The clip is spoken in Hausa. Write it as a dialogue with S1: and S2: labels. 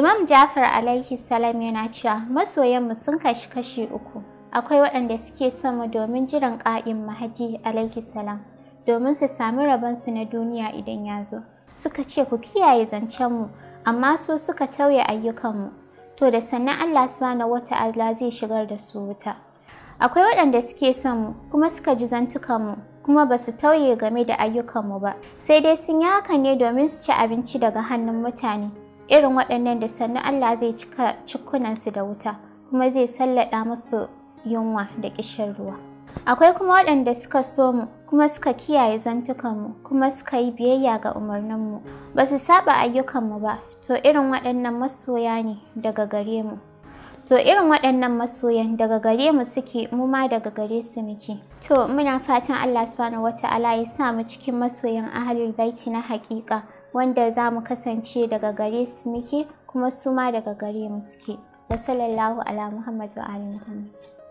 S1: Imam Jafar alaihi salam yana cewa masoyan mu sun kashi kashi uku. Akwai waɗanda suke sama domin jiran ƙa'in mahdi alaihi salam domin su sami rabonsu na duniya idan ya zo. Suka ce ku kiyaye zancen mu amma su suka tauye ayyukan mu To da sannan Allah subhanahu wata'ala zai shigar da su wuta. Akwai waɗanda suke son mu kuma suka ji zantukan mu kuma ba su tauye game da ayyukanmu ba sai dai sun yi hakan ne domin su ci abinci daga hannun mutane irin waɗannan da sannu Allah zai cika cikunansu da wuta kuma zai sallaɗa musu yunwa da ƙishin ruwa akwai kuma waɗanda suka so mu kuma suka kiyaye zantukanmu kuma suka yi biyayya ga umarninmu ba su saba ayyukanmu ba to irin waɗannan masoya ne daga gare mu To irin waɗannan masoyan daga gare mu suke mu ma daga gare su muke. To muna fatan Allah subhanahu wata'ala ya sa mu cikin masoyan ahlul baiti na haƙiƙa wanda za mu kasance daga gare su muke kuma su ma daga gare mu suke. Wa ala Muhammad wa ali Muhammad.